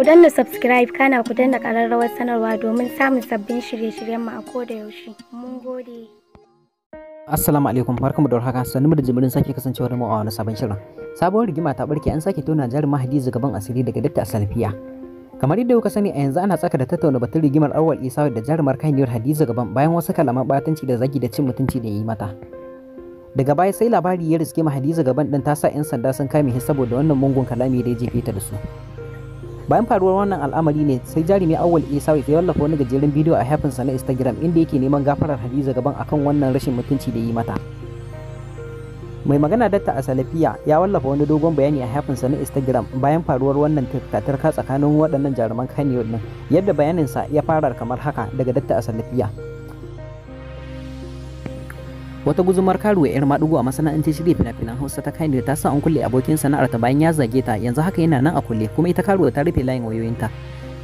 Ku danna subscribe kana ku danna kararrawar sanarwa domin samun sabbin shirye shiryen mu a koda yaushe. Mun gode. Assalamu alaikum barkamu da warhaka sannu da jimirin sake kasancewa mu a wani sabon shirin. Sabuwar rigima ta barke an sake tona jarin Hadiza gaban asiri daga datta salfiya Kamar yadda kuka sani a yanzu ana tsaka da tattauna batun rigimar awal Isa da jarumar kaniyar Hadiza gaban bayan wasu kalaman batanci da zagi da cin mutunci da yi mata. daga baya sai labari ya riske ma hadiza gaban din ta sa 'yan sanda sun kame shi saboda wannan mungun kalami da ya jefe ta da su bayan faruwar wannan al'amari ne sai jarumi awal isa ya wallafa wani gajeren bidiyo a hafinsa na instagram inda yake neman gafarar hadiza gaban akan wannan rashin mutunci da yi mata mai magana datta a salafiya ya wallafa wani dogon bayani a hafinsa na instagram bayan faruwar wannan tarkatarka tsakanin waɗannan jaruman kaniyar din yadda sa ya fara kamar haka daga datta a salafiya wata guzumar karuwa yar madugu a masana'antar shirya fina-finan hausa ta kaine ta sa an kulle abokin sana'arta bayan ya zage ta yanzu haka yana nan a kulle kuma ita karuwa ta rufe layin wayoyinta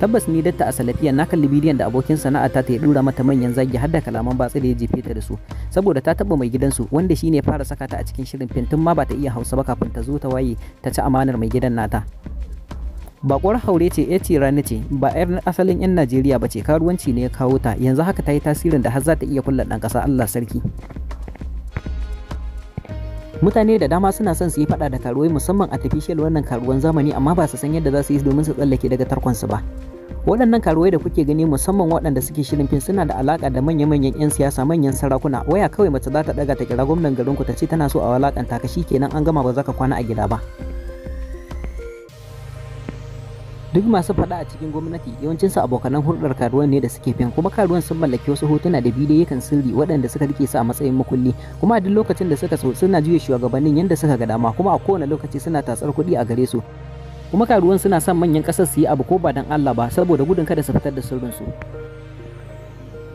tabbas ni datta a salafiya na kalli bidiyon da abokin sana'ar ta ya dura mata manyan zagi har da kalaman batsi da ya jefe ta da su saboda ta taba mai gidansu wanda shine fara saka ta a cikin shirin fintun ma ba ta iya hausa ba kafin ta zo ta waye ta ci amanar mai gidan nata bakwar haure ce ya ce rana ce ba 'yar asalin 'yan najeriya ba ce karuwanci ne ya kawo ta yanzu haka ta yi tasirin da har za ta iya kulla dan ƙasa allah sarki mutane da dama suna son su yi fada da karuwai musamman artificial wannan karuwan zamani amma ba su san yadda za su yi domin su tsallake daga tarkonsu ba waɗannan karuwai da kuke gani musamman waɗanda suke shirin fin suna da alaka da manya-manyan 'yan siyasa manyan sarakuna waya kawai mace za ta ɗaga ta kira gwamnan garinku ta ce tana so a walakanta ka kenan an gama ba za ka kwana a gida ba duk masu faɗa a cikin gwamnati yawancin abokanan hulɗar karuwan ne da suke fin kuma karuwan sun mallaki wasu hotuna da yakan sirri waɗanda suka rike su a matsayin makulli kuma a duk lokacin da suka so suna juya shugabannin yadda suka ga dama kuma a kowane lokaci suna tatsar kuɗi a gare su kuma karuwan suna son manyan ƙasar su yi abu ko ba dan Allah ba saboda gudun kada su fitar da sirrin su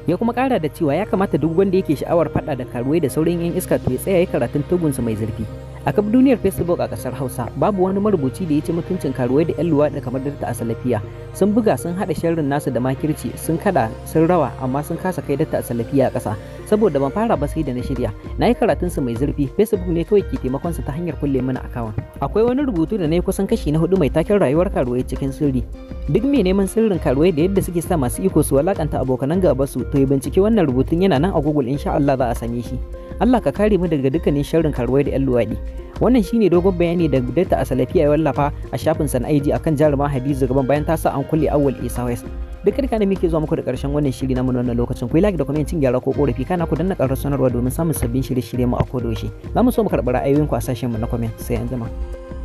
ya kuma ƙara da cewa ya kamata duk wanda yake sha'awar faɗa da karuwai da sauran 'yan iska to ya tsaya ya karatun tugunsu mai zurfi a kaf duniyar facebook a kasar hausa babu wani marubuci da ya ci mutuncin karuwai da 'yan luwaɗi kamar datta asalafiya sun buga sun haɗa sharrin nasu da makirci sun kada sun rawa amma sun kasa kai datta asalafiya a ƙasa saboda ban fara ba sai da na shirya na yi su mai zurfi facebook ne kawai ke taimakon su ta hanyar kulle mana akawun akwai wani rubutu da na yi kusan kashi na hudu mai taken rayuwar karuwai cikin sirri duk mai neman sirrin karuwai da yadda suke sa masu iko su walakanta abokanan gaba su to ya bincike wannan rubutun yana nan a google insha Allah za a same shi Allah ka kare mu daga dukkanin sharrin karuwai da 'yan luwaɗi. Wannan shine dogon bayani da Data a ya wallafa a shafin IG akan jaruma Hadiza gaban bayan ta sa an kulle Awwal Isa West. Duk da muke zuwa muku da karshen wannan shiri na wannan lokacin ku yi like da comment gyara ko korafi kana ku danna karar sanarwa domin samun sabbin shirye-shirye mu a kodaushe. Za mu so mu karɓi ku a sashen mu na comment sai an jima.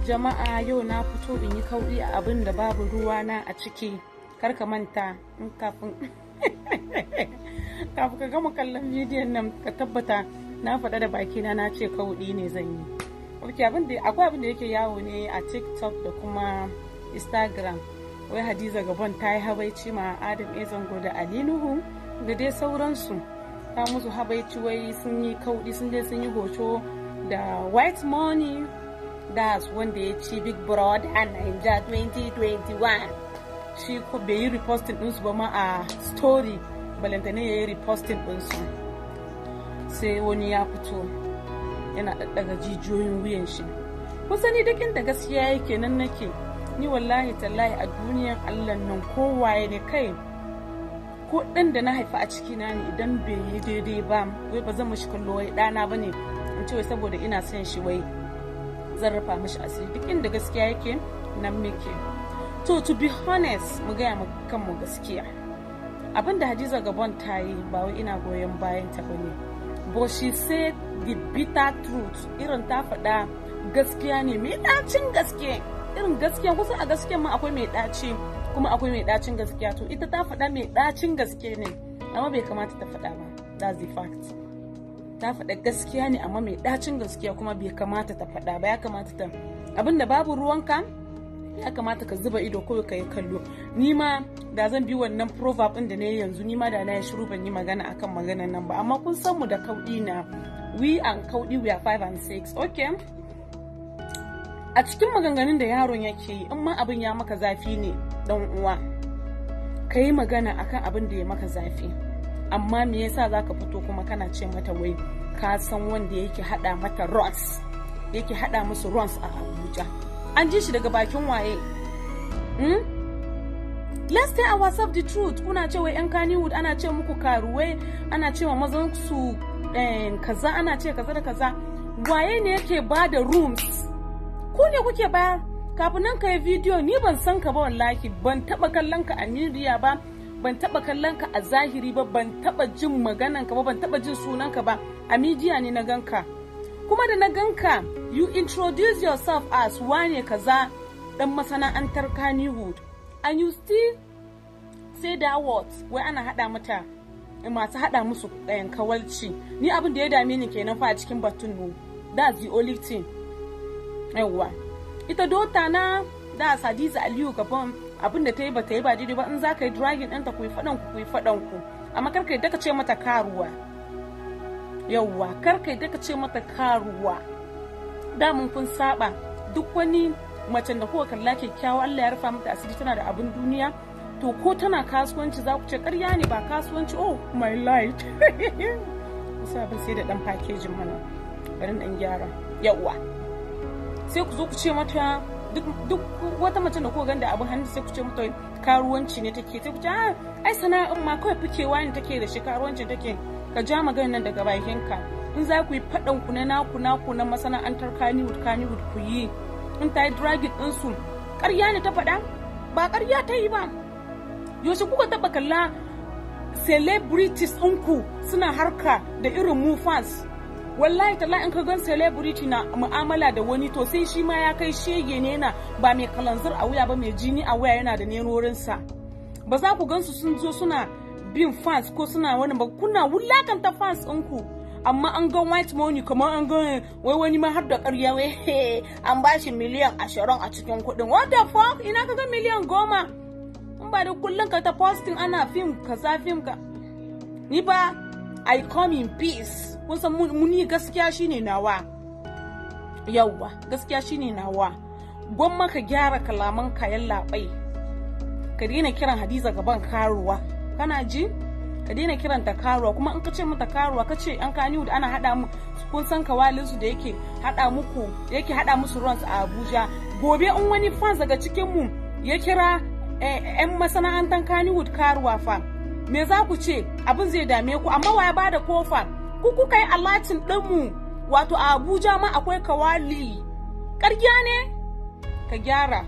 Jama'a yau na fito in yi kaudi a abin da babu ruwa na a ciki kar ka manta in kafin kafin ka gama kallon bidiyon nan ka tabbata na faɗa da bakina na ce kauɗi ne zan yi ok akwai abin da yake yawo ne a tiktok da kuma instagram wai hadiza gabon ta yi habaici ma adam ezango da alinuhu da dai sauransu ta musu habaici wai sun yi kauɗi sun je sun yi hoto da white money das wanda ya ci big brother a naija 2021 shi ko bai yi repostin ɗinsu ba ma a story balantane ya yi reposting ɗinsu sai wani ya fito yana ɗaɗɗaga jijiyoyin wuyan shi kusa ni dakin da gaskiya yake nan nake ni wallahi tallahi a duniyar allah nan kowaye ne kai ko ɗan da na haifa a cikina ne idan bai yi daidai ba wai ba zan mashi kallo wai ɗana ba ne in ce wai saboda ina son shi wai zan rufa mashi asiri duk inda gaskiya yake nan muke to to be honest mu gaya mu kanmu gaskiya Abinda hadiza gabon ta yi ba wai ina goyon bayan ta ba ne but she said the bitter truth irin ta faɗa gaskiya ne mai ɗacin gaske irin gaskiya kusa a gaskiya ma akwai mai ɗaci kuma akwai mai ɗacin gaskiya to ita ta faɗa mai ɗacin gaske ne amma bai kamata ta faɗa ba that's the fact ta faɗa gaskiya ne amma mai ɗacin gaskiya kuma bai kamata ta faɗa ba ya kamata ta abinda babu ruwanka ya kamata ka zuba ido ko ka yi kallo ni ma da zan bi wannan proverb din da na yanzu ni ma da na shiru ban yi magana akan maganan nan ba amma kun san mu da kaudi na we and kaudi we are five and six okay a cikin maganganun da yaron yake yi in ma abin ya maka zafi ne dan uwa ka yi magana akan abin da ya maka zafi amma me yasa zaka fito kuma kana ce mata wai ka san wanda yake hada mata runs yake hada musu runs a abuja an ji shi daga bakin waye hmm? let's our ourselves the truth kuna cewa yan kaniwood ana ce muku karuwe ana cewa mazan su eh, kaza ana ce kaza da kaza waye ne yake ba da rooms ku ne kuke ba kafin nan ka yi bidiyo ni ban san ka ba wallahi ban taba kallon ka a media ba ban taba kallon ka a zahiri ba ban taba jin maganan ka ba ban taba jin sunan ka ba a media ne na ganka kuma da na ganka you introduce yourself as wane kaza dan masana'antar Kannywood and you still say that words wai ana hada mata eh, masu hada musu ɗayan eh, kawalci ni abin da ya dame ni kenan fa a cikin batun no that's the only thing yawwa ita dota na da sadiza aliyu gabon abin da ta yi bata yi ba ba in za ka yi dragging ɗinta ku yi faɗan ku ku yi faɗan ku amma kar ka daka ce mata karuwa yawwa kar kai daga ce mata karuwa damun kun saba duk wani mace da kuka kalla kyakkyawa Allah ya rufa mata asiri tana da abin duniya to ko tana kasuwanci za ku ce ƙarya ne ba kasuwanci oh my light sabon sai da dan packaging mana bari dan gyara yawwa sai ku zo ku ce mata duk wata mace da kuka ganda abin hannu sai ku ce mata karuwanci ne take sai ku ce ah, ai sana'in ma kawai fikewa ne take da shi karuwanci take ka ja magana nan daga bakinka in za ku yi faɗan ku na naku naku na masana'antar kanihud kanihud ku yi in ta yi dragin ɗinsu ƙarya ne ta faɗa ba ƙarya ta yi ba yaushe kuka taɓa kalla celebrities ɗinku suna harka da irin mu fans wallahi tala in ka gan celebrity na mu'amala da wani to sai shi ma ya kai shege ne na ba mai kalanzir a wuya ba mai jini a wuya yana da nerorinsa ba za ku gansu sun zo suna bin fans ko suna wani ba kuna wulakanta fans ɗinku amma an ga white money kamar an ga wai wani ma har da ƙarya wai an ba shi miliyan ashirin a cikin kuɗin what the fuck ina ka ga miliyan goma in ba da kullum ka ta posting ana fim sa fim ka ni ba i come in peace kun san muni gaskiya shine nawa yawwa gaskiya shine nawa gwamma ka gyara kalaman kayan labai ka daina kiran hadiza gaban karuwa kana ji ka daina kiranta karuwa kuma in ka ce mata karuwa ka ce an kani da ana hada mu kun san kawalin su da yake hada muku yake hada musu ruwan a Abuja gobe in wani fan daga cikin mu ya kira yan eh, masana'antar Kannywood karuwa fa me za ku ce abin zai dame ku amma waya bada kofa ku kuka yi alatin din mu wato a Abuja ma akwai kawali ƙarya ne ka gyara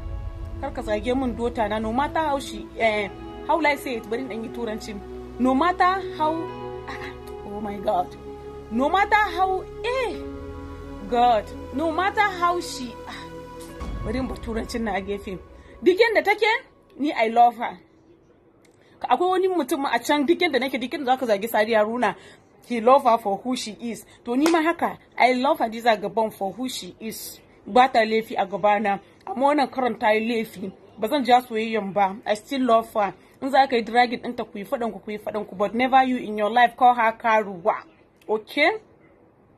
kar ka zage min dota na no mata haushi eh how will I say it bari dan yi turanci no matter how oh my god no matter how eh god no matter how she ah, bari ba turancin na a gefe dikin da take ni I love her akwai wani mutum a can dikin da nake dikin da zaka zagi Sadiya Runa he love her for who she is to ni ma haka I love her Hadiza gaban for who she is ba ta laifi a gabana amma wannan karanta laifi ba zan ja soyayyan ba I still love her in za ka yi dragging ɗinta ku yi faɗan ku ku yi faɗan ku but never you in your life call her karuwa okay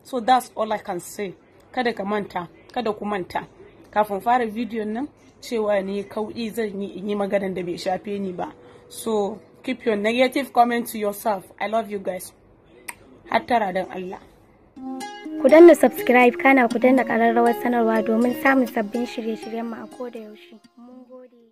so that's all i can say kada ka manta kada ku manta kafin fara video nan cewa ne kauɗi zan yi in yi maganan da bai shafe ni ba so keep your negative comment to yourself i love you guys hattara don allah ku danna subscribe kana ku danna ƙararrawar sanarwa domin samun sabbin shirye-shiryen mu a koda yaushe mun gode